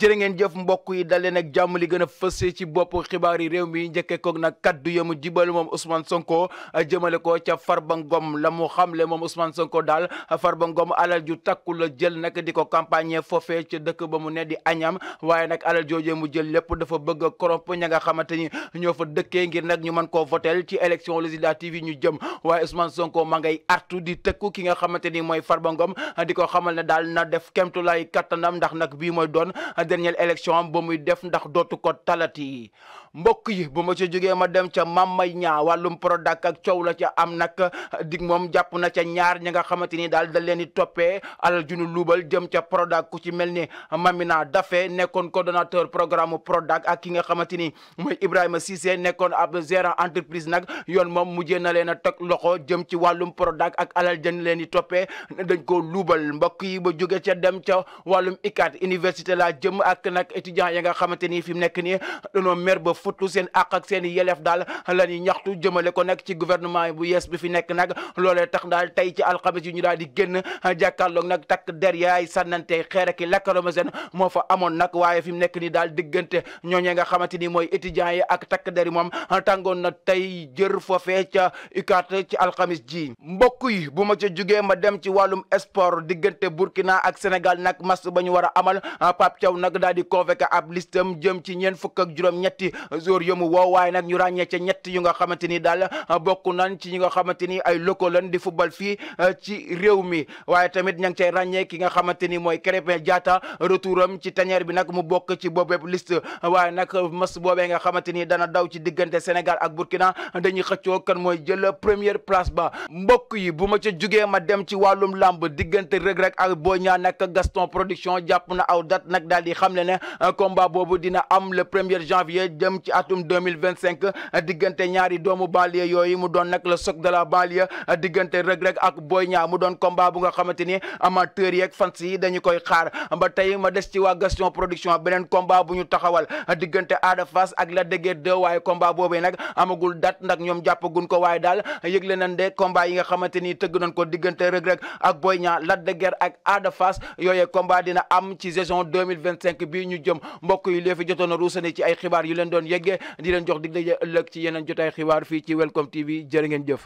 jërë ngeen jëf mbokk yi daleen ak jàmm li gën a ci bopp xibaar yi réew mi njëkkee koog nag kaddu yamu jibal moom Ousmane Sonko euh, jëmale ko ca Farba Ngom la xam le moom Ousmane Sonko daal Farba Ngom alal ju takkul a jël nag di ko campagne foofee ca dëkk ba mu ne di añam waaye nag alal joojee mu jël lépp dafa bëgg a corrompre ña nga xamante ni ñoo fa dëkkee ngir nag ñu mën koo votel ci élection législative yi ñu jëm waaye Ousmane Sonko ma ngay artu di tëkku ki nga xamante ni mooy Farba Ngom di ko xamal ne daal na def kemtulaay kattanam ndax nag bii mooy doon dernière élection am ba muy def ndax dootu ko talati mbokk yi bu ma ca jógee ma dem ca mam Mamay ñaa wàllum Prodac ak coow la ca am nag dig moom jàpp na ca ñaar ñi nga xamante ni daal da leen di toppee alal junu luubal jëm ca Prodac ku ci mel ni Mamina Dafe nekkoon coordonnateur programme Prodac ak ki nga xamante ni mooy Ibrahima Cissé nekkoon a gérant entreprise nag yoon moom mujjee na leen a teg loxo jëm ci wàllum Prodac ak alal jën leen di toppee dañ ko luubal mbokk yi ba jóge ca dem ca la jëm jëm ak nag étudiant ya nga xamante fi mu nekk nii dañoo mer ba futlu seen àq ak seen i yelef daal la ñuy ñaxtu ko nag ci gouvernement bu yees bi fi nekk nag loolee tax daal tey ci alxames yu ñu daal di génn jàkkaarloog nag takk der yaay sànnante xeer ak lakkaromosène moo fa amoon nag waaye fi mu nekk nii daal diggante ñooñee nga xamante ni mooy étudiants yi ak takk der yi moom tàngoon na tey jër foofee ca UCAD ci alxames ji mbokk yi bu ma ca jugee ma dem ci wàllum sport diggante Burkina ak Sénégal nag mas ba ñu war a amal Pape Thiaw nag daal di convoqué ab listam jëm ci ñeent fukk ak juróom ñetti jour yu mu woo waaye nag ñu ràññee ca nga xamante ni daal bokk ci ñi nga xamante ni ay locaux lañ di football fi eh, ci réew mi waaye tamit ñan ngi cay ràññee ki nga xamante ni mooy Krépin Diatta am ci tanière bi nag mu bokk ci boobeeb liste waaye nag mas boobee nga xamante ni dana daw ci diggante Sénégal ak Burkina dañuy xëccoo kan mooy jël première place ba mbokk yi bu ma ca jugee ma dem ci wàllum làmb diggante Reug Reug ak Boy xam ne ne euh, combat boobu dina am le premier janvier jëm ci atum deux mille vingt cinq euh, diggante ñaari doomu banlieue yooyu mu doon nag le choc la banlieue euh, diggante Reug Reug ak Boy Niang mu doon combat bu nga xamante ni amateurs yeeg fans yi dañu koy xaar ba tey ma des ci waa production beneen combat bu ñu taxawal diggante Ada Fass ak Lac de Guiers 2 waaye combat nag amagul date ndax ñoom jàppagun ko waaye daal yëgle nañ de combat yi nga xamante ni tëgg nañ ko diggante Reug Reug ak Boy Niang Lac ak Ada Fass yooyee combat dina am ci saison deux mille vingt cinq 2025 bii ñu mbokk yi lee fi jotoon a ci ay xibaar yu leen doon yeggee di leen jox dig daje ëllëg ci yeneen jotaay xibaar fii ci Welcome TV jërë ngeen